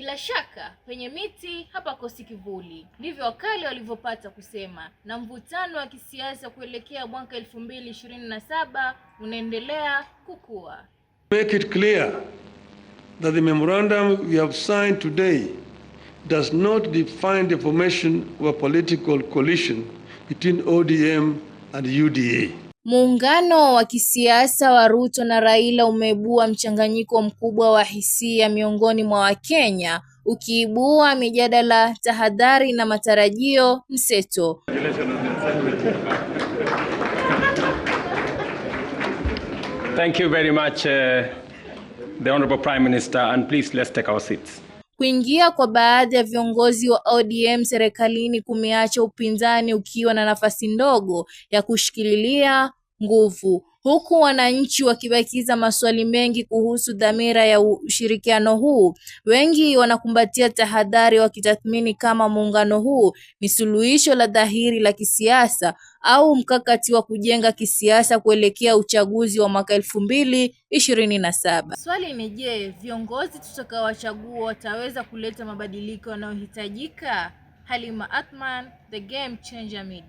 Bila shaka penye miti hapakosi kivuli, ndivyo wakali walivyopata kusema, na mvutano wa kisiasa kuelekea mwaka elfu mbili ishirini na saba unaendelea kukua. Make it clear that the memorandum we have signed today does not define the formation of a political coalition between ODM and UDA. Muungano wa kisiasa wa Ruto na Raila umeibua mchanganyiko mkubwa wa hisia miongoni mwa Wakenya ukiibua mijadala, tahadhari na matarajio mseto. Thank you very much, uh, the Honorable Prime Minister, and please let's take our seats. Kuingia kwa baadhi ya viongozi wa ODM serikalini kumeacha upinzani ukiwa na nafasi ndogo ya kushikilia nguvu huku wananchi wakibakiza maswali mengi kuhusu dhamira ya ushirikiano huu. Wengi wanakumbatia tahadhari, wakitathmini kama muungano huu ni suluhisho la dhahiri la kisiasa au mkakati wa kujenga kisiasa kuelekea uchaguzi wa mwaka elfu mbili ishirini na saba. Swali ni je, viongozi tutakaowachagua wataweza kuleta mabadiliko yanayohitajika? Halima Athman, The Game Changer Media.